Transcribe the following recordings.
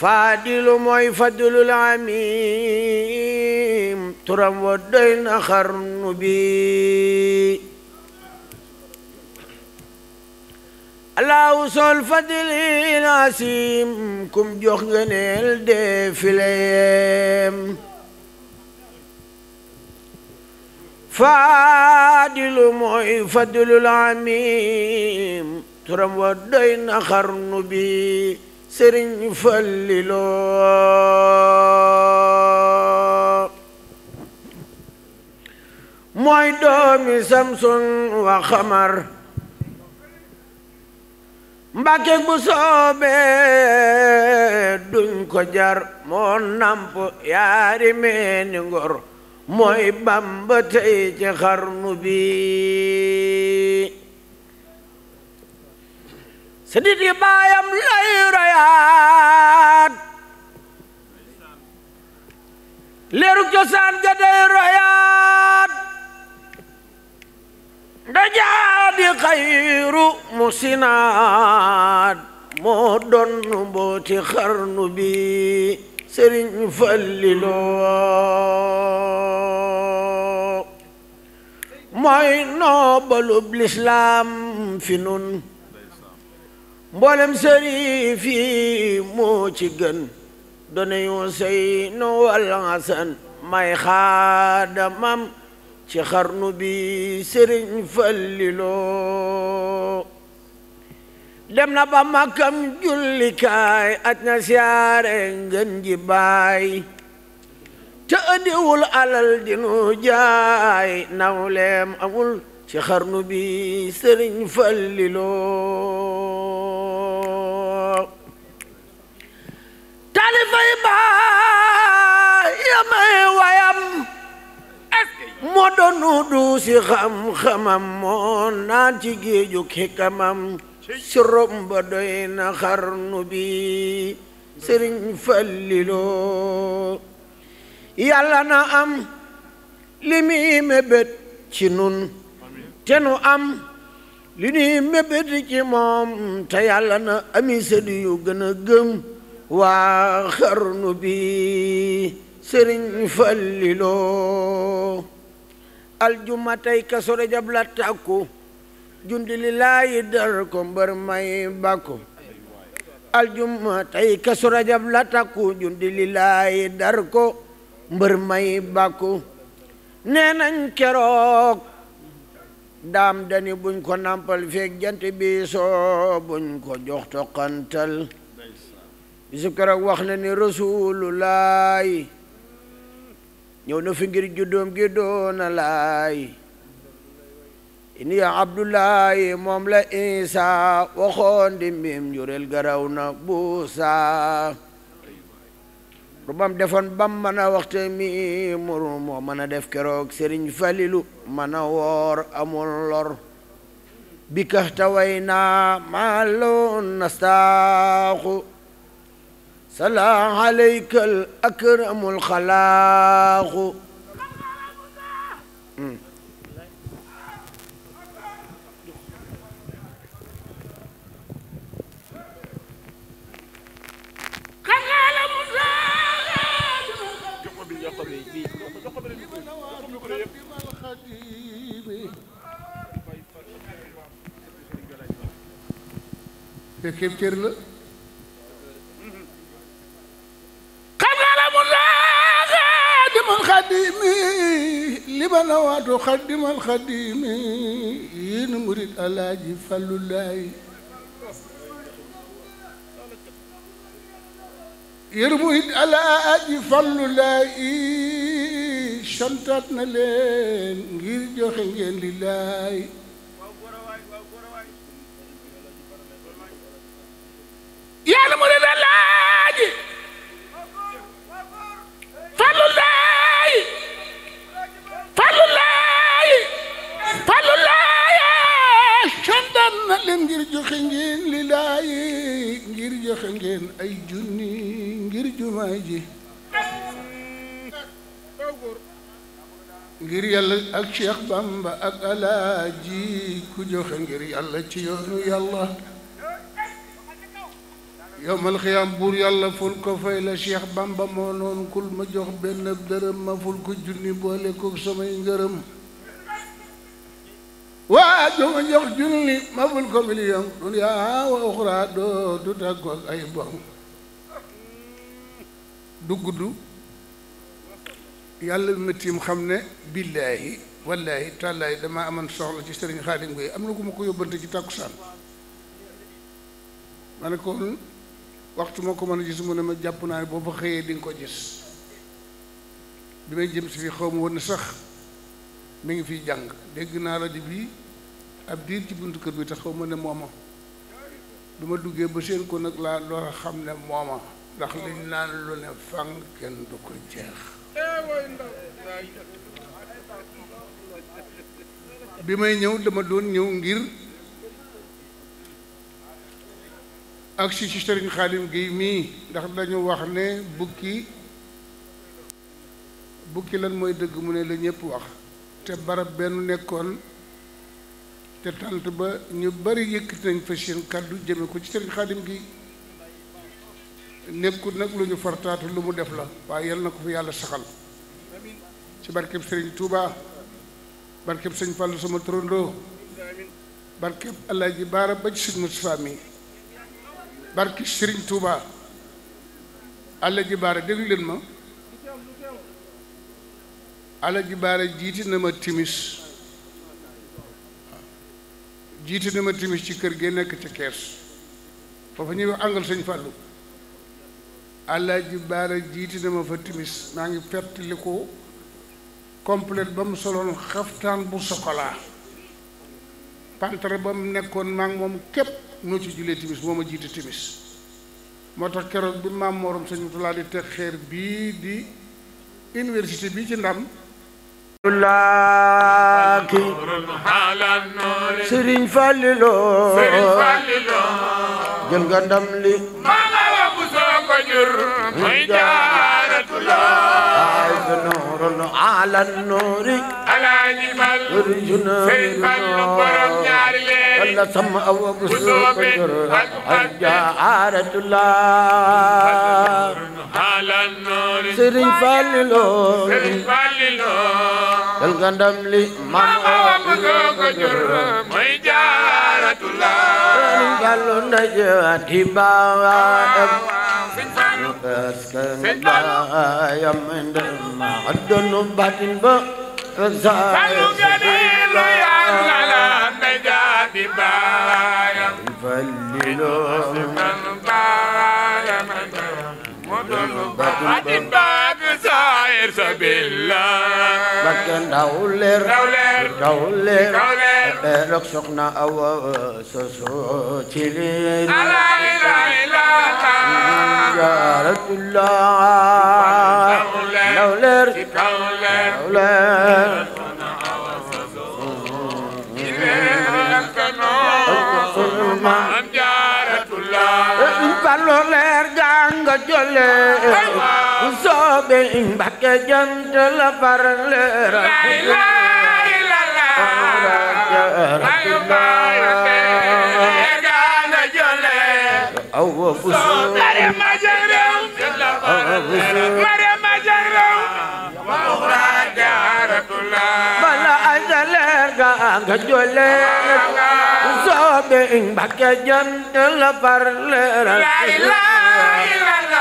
faadilu mooy fadlul amim turam wa na xarnu bi allahu sol fadlil jox ngeneel de fileem faadilu mooy fadlul amim turam wa na xarnu bi sëriñ falliloo mooy doomi samsun wa xamar mbàkke bu soobee duñ ko jar moo namp yaari meeni ngor mooy bamba tey ci xarnu bi sidit yi baayam naat moo doon mbooti xarnu bi sëriñ falliloo mooy noobalub lislaam fi nun mboolem sëriif yi moo ci gën donay Useynu wal Hasan may xaadamam ci xarnu bi sëriñ falliloo dem na ba makkam jullikaay aj na siyaare ngeen ji baay te ëddiwul alal dinu jaay nawleem amul ci xarnu bi sëriñ falliloo taalifay baay yamay wayam moo doon nu du si xam-xamam moo naan ci géejug xikamam ci romb doy na xarnu bi sëriñ falliloo yàlla na am li muy mébét ci nun te nu am li nuy mébét ci moom te yàlla na ami sëdi yu gën a gëm waa xarnu bi sëriñ falliloo aljuma tey kaso rajab la tàkku jundi lillaahi dal ko mbër may bakku aljuma tey kesu rajab la takku jundi lillaahi dar ko mbër may bakku nee nañ keroog daam dani buñ ko nampal feeg jant bi soo buñ ko jox toqantal bisu keroog wax na ni rasulullaahi ñëw na fi ngir juddoom gi doona laay ini ya abdullahi moom la isa waxoon di mbim njureel garaw na buusa lu bam bam mën a waxte mi muru moo mën def keroog sëriñ falilu mën a woor amul lor bi kax taway naa akramul xalaaxu fekkeeb cër la xadimi li ba la waatu xadimal xadimi yéen murit alaaji fàllulaay yéen murit alaaji fàllulaay santaat na leen ngir joxe ngeen li laay leen ngir joxe ngeen li laayi ngir joxe ngeen ay junni ngir jumaa ji ngir yàlla ak Cheikh Bamba ak alaaji ku joxe ngir yàlla ci yoonu yàlla yowmal xiyaam buur yàlla ful ko fay la Cheikh Bamba moo kul ma jox benn dërëm ma ful ko junni boole ko samay ngërëm waa jox jox junni ma ful ko million duniyaa wa uxraa doo du tàggoog ay borom du gudd yàlla bi ma tiim xam ne billaahi wallaahi tàllaahi damaa amoon soxla ci sëriñ Xaadim Gueye am na ku ma ko yóbbante ci tàkkusaan ma ne ko waxtu ma ko mën a gis mu ne ma jàpp naa ne boo fa xëyee di ko gis bi may jëm si fii xaw ma woon ne sax mi ngi fiy jàng dégg naa rajo bi ab diir ci buntu kër bi te xaw ma ne mooma du ma duggee ba seen ko nag laa door xam ne mooma ndax liñ naan lu ne fang kenn du ko jeex bi may ñëw dama doon ñëw ngir ak si ci Sëriñ Xaalim Géey mii ndax dañu wax ne bukki bukki lan mooy dëgg mu ne la ñëpp wax te barab benn nekkoon te tant ba ñu bari yëkkati nañ fa seen kàddu jëme ko ci sëriñ xaadim gi nekkul nag lu ñu fartaatu lu mu def la waaye yal na ko fi yàlla saxal ci barkeb sëriñ Touba barkeb sëñ Fallou sama turandoo barkeb yi Baara ba ci sëñ Moustapha mi barki sëriñ Touba Alaaji Baara déglu leen ma alaji baara jiiti na ma timis jiiti na ma timis ci kër gi nekk ca kees foofu ñuy wax angal sëñ Fàllu alaji baara jiiti na ma fa timis maa ngi fàttaliku complète ba mu soloon xaftaan bu sokolaa pantre ba mu nekkoon maa moom képp noo ci jullee timis moo ma jiiti timis moo tax keroog bi maam morom sëñ Mutulaa di teg xeer bii di université bi ci ndam laaki sëriñ Fallilo jël nga ndam li mama wa bu soo ko jur la sama aw ko jur muy jaaratulaay sëriñ Fallilo sëriñ Fallilo dal nga ndam li mam oo ko jur mooy jaaratullah sëriñ Fallu ndajewaat di baawaatam sëriñ baayam ndam ma addonu batin ba Fallu gani lu yàlla la ndaja di baayam Fallu man baayam ndam ma addonu batin ba leer sa billah Mbakke ndaw leer ndaw leer rek soxna awa soso ci leer la ilaha illallah ya rasulullah ndaw leer ndaw leer soxna awa soso jole ku soobe Mbakke jant la far leer awo bu soo Marema jaraw Marema jaraw ma ukhra jaratullah bala azaler ga ga jole soobe Mbakke jant la far leer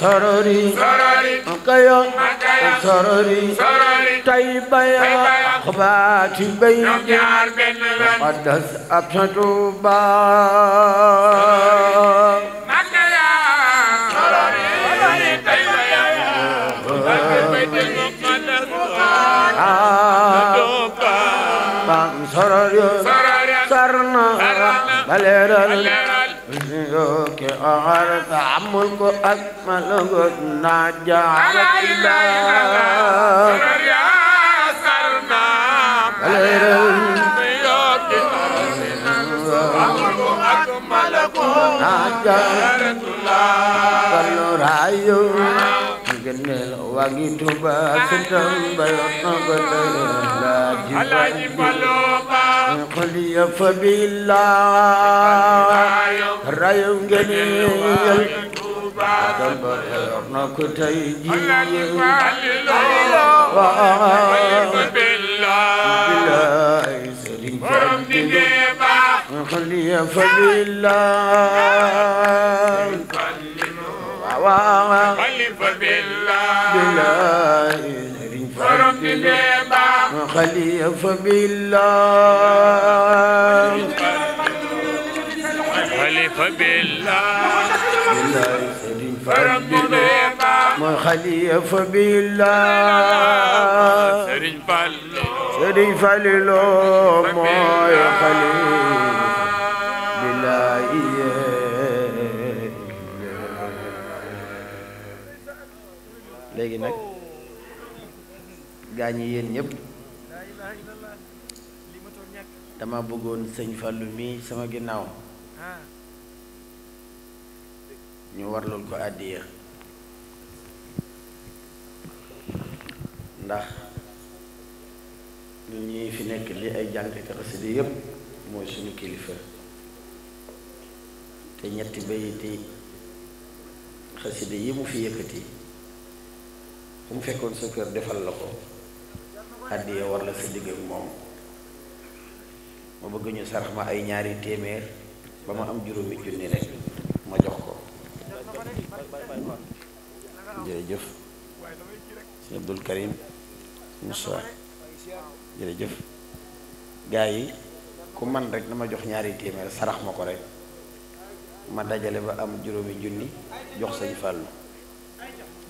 sorori makayo sorori tayba ya akhbati bay muqaddas absatu ba غرت عملك أكمل قدنا جعلت الله يا سرنا غير الضيوت عملك أكمل قدنا جعلت الله رأيو جنل وقت باسدم بيوتنا قدنا لا جبال xolli fabillah rayu ngeen yal dama yor na ko tey jii waaw bilaay sëriñ Fadilu xolli fabillah waaw bilaay خلي فبالله خليفة بالله ما خليفة بالله شريف لله ما يخليف بالله léegi nag gaañ yi yéen ñëpp dama bëggoon sëñ Fallou mii sama ginnaaw ah. ñu warlul ko àddiya ndax ñu ñi fi nekk li ay jàngkat xasida yépp mooy suñu kilifa te ñetti bayiti xasida yi mu fi yëkkati bu mu fekkoon sa kër defal la ko àddiya war sa digg moom ma bëgg ñu sarax ma ay ñaari téeméer ba ma am juróomi junni rek ma jox ko jërëjëf sëñ Abdul Karim Moussa jërëjëf gaa yi ku man rek dama jox ñaari téeméer sarax ma ko rek ma dajale ba am juróomi junni jox sëñ Fallou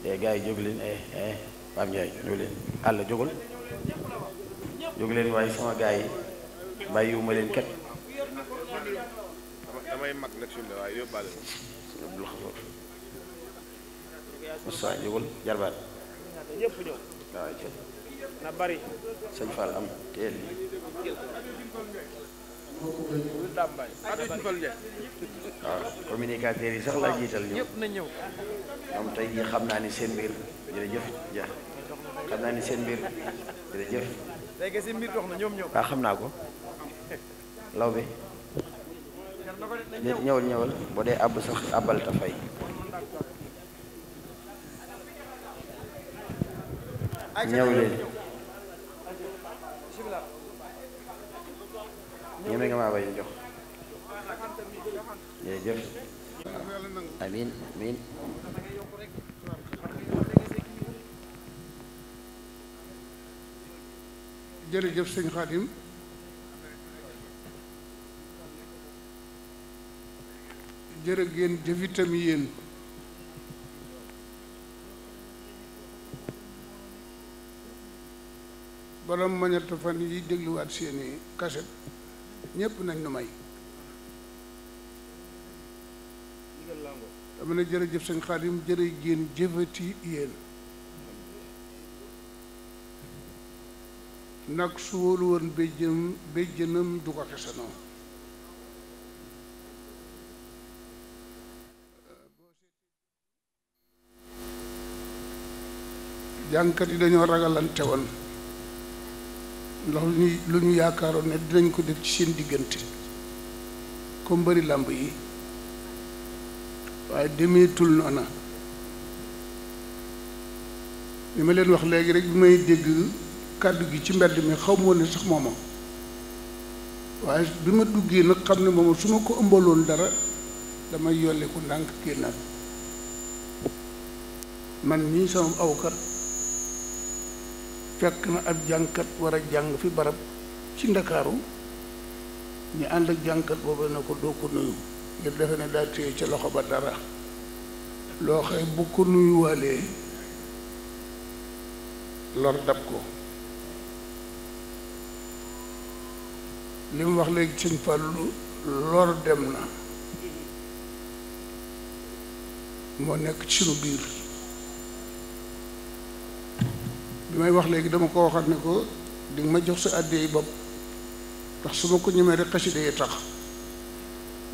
te eh, gaa yi jóg leen eh eh Pape Ndiaye leen àll jógul jóg leen waaye sama gaa yi bàyyiwuma leen kat. damay mag la waaye yóbbaale Xafoor. Moussa jógal jarbaat. ñëpp ñëw. waaw jël. na bari. sëñ Fall am teel. waaw yi sax laa jiital ñëpp na ñëw. ñoom tey jii xam naa ni seen mbir jërëjëf ja xam naa ni seen mbir jërëjëf. léegi seen mbir dox na ñoom ñoom. waaw ah, xam naa ko. law bi ñëwal ñëwal boo dee àbb sax àbbal ta fay ñëw leen ñeme nga maa bañ jox jërëjëf amin amin jërëjëf sëñ Xaadim jërë ngeen jëfitam yéen borom mañata fan yi dégluwaat seeni kaset ñépp nañ nu may dama ne jërëjëf sëñ Xaadim jërë ngeen jëfati yéen nag su wóolu woon béjjënam du ko xesanoo jàngkat yi dañoo ragalante woon ndax lu ñu yaakaaroon ne dinañ ko def ci seen diggante comme bëri làmb yi waaye demeetul noona li ma leen wax léegi rek bi may dégg kàddu gi ci mbedd mi xaw ma woon ne sax mooma waaye bi ma duggee nag xam ne mooma su ma ko ëmbaloon dara damay yolleeku ndànk génnaat man ñii sama awkat fekk na ak jàngkat war a jàng fi barab ci ndakaaru ñu ànd ak jàngkat boobu na ko doo ko nuyu ngir defe ne daa ca loxo ba dara loo xëy bu ko nuyuwaalee lor dab ko li mu wax léegi sëñ Fallou lor dem na moo nekk ci sunu biir bi may wax léegi dama ko waxaat ne ko di nga ma jox sa àddiyeey bopp ndax su ma ko ñemee rek xasida yi tax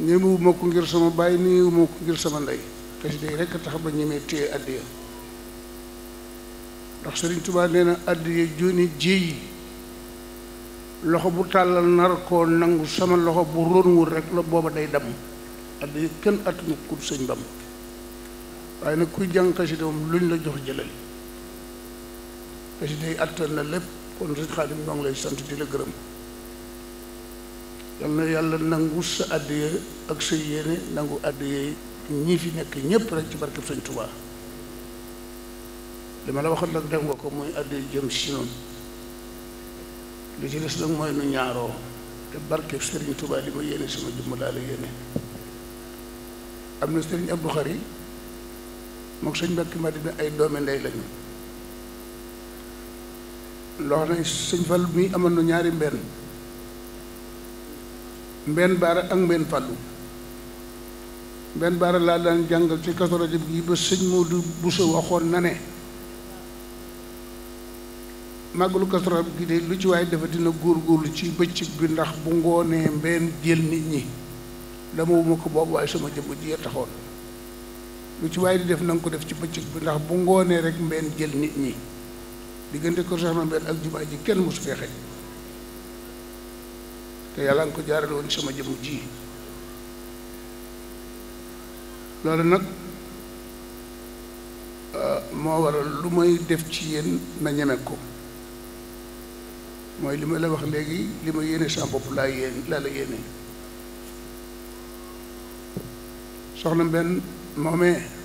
ñemewu ko ngir sama bàyyi néewu ma ko ngir sama ndey xasida yi rekk tax ba ñemee téye àddiya ndax Sëriñ Tuubaa nee na àddiya jooni jéeyi loxo bu tàllal nar koo nangu sama loxo bu róonwul rek la booba day damm àddiya kenn attunu kut sëñ bam waaye nag kuy jàng xasida moom luñ la jox jëlal xasida yi attan na lépp kon sëñ Xaadim ñoo lay sant di la gërëm yal na yàlla nangu sa àddiya ak sa yéene nangu àddiya yi ñi fi nekk ñépp rek ci barkeb sëñ Tuubaa li ma la waxoon nag dem nga ko mooy àddiya jëm si noonu li ci des nag mooy nu ñaaroo te barkeb sëriñ Tuubaa li ma yéene sama jëmm laa yéene am na sëriñ Abdou Khari moom sëñ Mbàkke Madina ay doomi ndey lañu loo ne sëñ Fallu mi amoon na ñaari mbenn mbenn baara ak mbenn Fallu mbenn baara laa daan jàngal ci Kazu Rajab gi ba sëñ Moodu Buso waxoon na ne màggalu Kazu Rajab gi lu ci waay dafa dina góor góorlu ci bëccëg bi ndax bu ngoonee mbenn jël nit ñi dama wuma ko boobu waaye sama jëmm ji taxoon lu ci waay di def na ko def ci bëccëg bi ndax bu ngoonee rek mbenn jël nit ñi diggante kër Cheikh Ahmad ak jumaa ji kenn mosu fee xëy te yàlla nga ko jaarale sama jëmu ji loolu nag euh, moo waral lu may def ci yéen na ñeme ko mooy li ma la wax léegi li ma yéene sa bopp laa yéen laa la yéene soxna mbenn moomee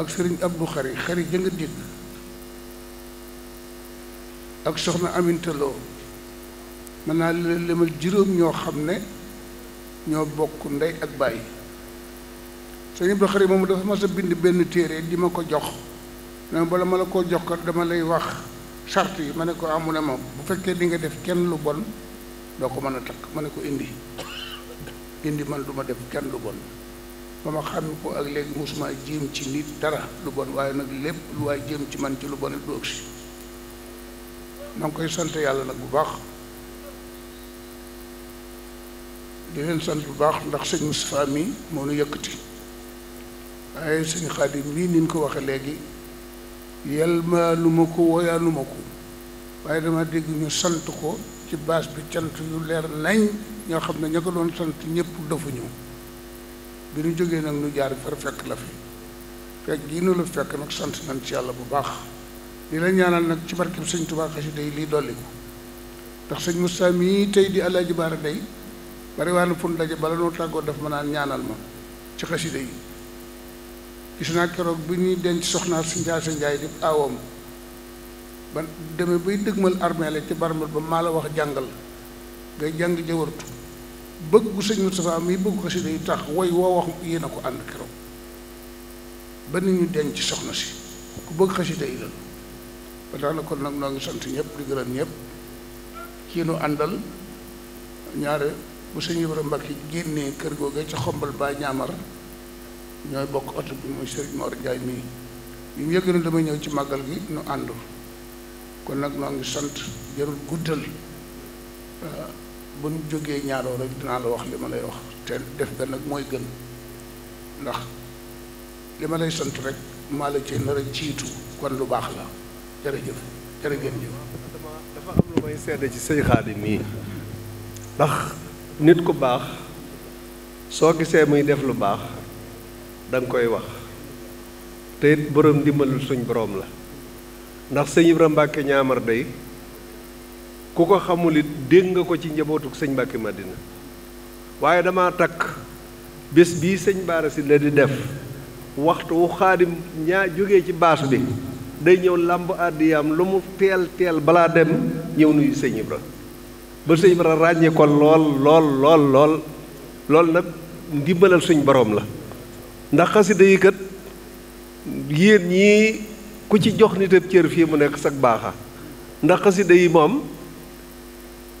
ak sëriñ Abdou Xari xari jënga dégg ak soxna Aminta Lo mën naa leen juróom ñoo xam ne ñoo bokk ndey ak bàyyi sëriñ Abdou Xari moom dafa ma a bind benn téere di ma ko jox ne bala ma koo jox kat dama lay wax sart yi ma ne ko amu ah, ne ma bu fekkee di nga def kenn lu bon doo ko mën a takk ma ne ko indi indi man duma def kenn lu bon ba ma ko ak léegi mosuma jéem ci nit dara lu bon waaye nag lépp lu waay jéem ci man ci lu bon du si maa ngi koy sant yàlla nag bu baax di leen sant bu baax ndax sëñ Moustapha mi moo nu yëkkati waaye sëñ Xaadim mii ni ñu ko waxee léegi yal ma lu ma ko woyaanu ko waaye dama dégg ñu sant ko ci baas bi cant yu leer nañ ñoo xam ne ña ko doon sant ñëpp dafa ñëw. bi nu jógee nag nu jaar far fekk la fi fekk gi nu la fekk nag sant nañ ci yàlla bu baax di la ñaanal nag ci barkeb sëñ Tuubaa xasida yi lii dolli ko ndax sëñ Moussa mii tey di Alaaji Baara day bari waa na ndaje nu daje bala noo tàggoo daf ma naan ñaanal ma ci xasida yi gis naa keroog bi ñuy denc soxnaar si njaay sa njaay di aawam ba demee bay dëgmal armée ci barmal ba maa la wax jàngal ngay jàng ja bëgg ku sëñ Moustapha mi bëgg xasida yi tax woy woo wax yéen a ko ànd keroog ba nit ñu denc ci soxna si ku bëgg xasida yi la ba tax na kon nag noo ngi sant ñëpp di gërëm ñëpp kii nu àndal ñaare bu sëñ Ibrahima Mbacke génnee kër googe ca xombal ba ñaamar ñooy bokk oto bi muy sëriñ Mor Njaay mii bi mu yëg na damay ñëw ci màggal gi nu ànd kon nag noo ngi sant jarul guddal waaw bu nu jógee ñaaroo rek dinaa la wax li ma lay wax te def ga nag mooy gën ndax li ma lay sant rek maa la ci nar a jiitu kon lu baax la jërëjëf jërë ngeen jëf dafa am lu may sedd ci sëñ Xaadim nii ndax nit ku baax soo gisee muy def lu baax da koy wax te it borom dimbalul suñ boroom la ndax sëñ Ibrahima Mbàkke ñaamar day ku ko xamul it dégg nga ko ci njabootuk sëñ Mbàkke Madina waaye dama takk bés bii sëñ Baara Sylla di def waxtu wu xaadim ñaa jógee ci baas bi day ñëw làmb àddiyaam lu mu teel teel balaa dem ñëw nuyu sëñ Ibra ba sëñ Ibra ràññee ko lool lool lool lool lool nag ndimbalal suñ boroom la ndax xasida yi yéen ñii ku ci jox nit ab cër fii mu nekk sag baaxa ndax xasida yi moom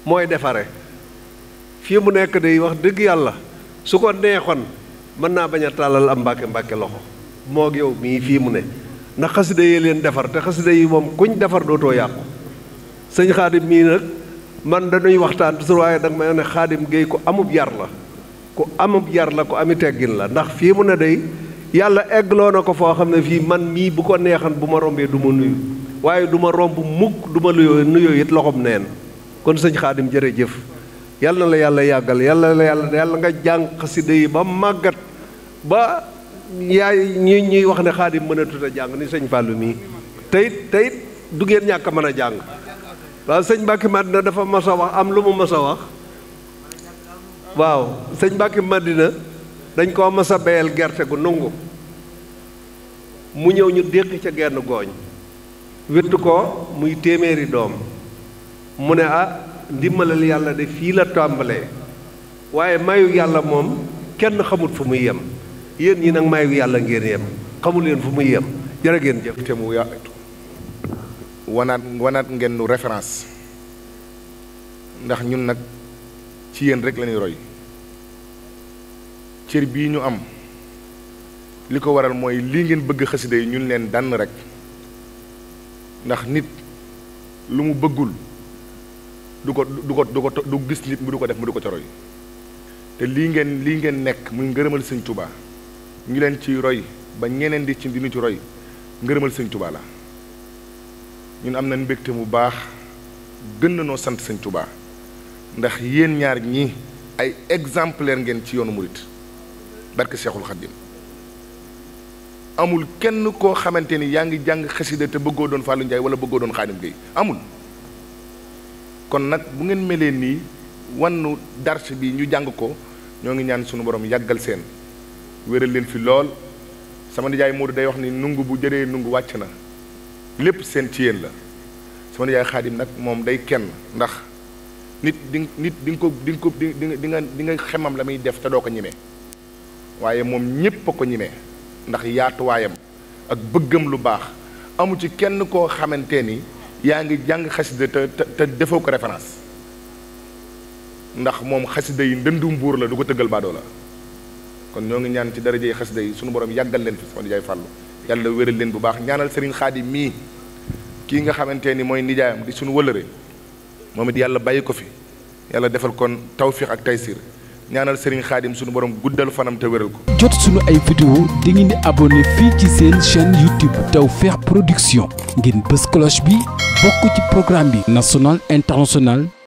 mooy defare fii mu nekk day wax dëgg yàlla su ko neexoon mën naa bañ a tàllal am mbàkke mbàkke loxo mook yow mii fii mu ne ndax xasida yi leen defar te xasida yi moom kuñ defar dootoo yàqu sëñ xaadim mii nag man dañuy waxtaan toujours waaye danga may ne xaadim géey ku amub yar la ku amub yar la ku ami teggin la ndax fii mu ne day yàlla eggloo na ko foo xam ne fii man mii bu ko neexan bu ma rombee du ma nuyu waaye du ma romb mukk du ma nuyoo nuyoo it loxoom neen kon sëñ xaadim jërëjëf yàlla na la yàlla yàggal yàlla la yàlla yàlla nga jànq si yi ba màggat ba yaay ñi ñuy wax ne xaadim mënatut a jàng ni sëñ Fallou mii teyit teyit du ngeen ñàkk mën a jàng waaw sëñ Mbacke Madina dafa mas am lu mu mas waaw sëñ Mbacke Madina dañ koo mas a béyal gerte gu nungu mu ñëw ñu déqi ca genn gooñ wéttu ko muy téeméeri doom mu ne ah ndimbalal yàlla de fii la tàmbalee waaye mayu yàlla moom kenn xamut fu muy yem yéen ñi nag mayu yàlla ngeen yem xamul leen fu muy yem jërë ngeen jëf te mu yaatu wanaat wanaat ngeen nu référence ndax ñun nag ci yéen rek lañuy roy cër bii ñu am li ko waral mooy lii ngeen bëgg xasida yi ñun leen dann rek ndax nit lu mu bëggul du ko du ko du ko du gis nit mu du ko def mu du ko roy te lii ngeen lii ngeen nekk muy ngërëmal sëñ tubaa ñu leen ci roy ba ñeneen di ci di ñu ci roy ngërëmal sëñ tubaa la ñun am na mbégte mu baax gën na noo sant sañ tubaa ndax yéen ñaar ñi ay exemplaire ngeen ci yoonu murit barke Seexul Xaddim amul kenn koo xamante ni yaa ngi jàng xasida te bëggoo doon Fallou Ndiaye wala bëggoo doon Xaadim Gueye amul kon nag bu ngeen melee nii wannu dars bi ñu jàng ko ñoo ngi ñaan sunu borom yàggal seen wéral leen fi lool sama nijaay Modou day wax ni nungu bu jëree nungu wàcc na lépp seen ci yéen la sama nijaay Xaadim nag moom day kenn ndax nit di nit di ko di ko di di nga di xemam la muy def te doo ko ñemee waaye moom ñépp a ko ñemee ndax yaatuwaayam ak bëggam lu baax amu ci kenn koo xamante ni yaa ngi jàng xasida te te defoo ko référence ndax moom xasida yi ndëndum buur la du ko tëggal baadoo la kon ñoo ngi ñaan ci daraja yi xasida yi suñu borom yàggal leen fi sama nijaay fàllu yàlla wéral leen bu baax ñaanal Serigne Xaadim mii kii nga xamante ni mooy nijaayam di suñu wëlëre moom it yàlla bàyyi ko fi yàlla defal kon tawfiix ak taysir ñaanal Serigne Khadim sunu borom guddal jot sunu ay vidéo di ngeen di abonné fii ci seen chaîne YouTube Tawfekh Production ngeen bës cloche bi bokk ci programme bi national international.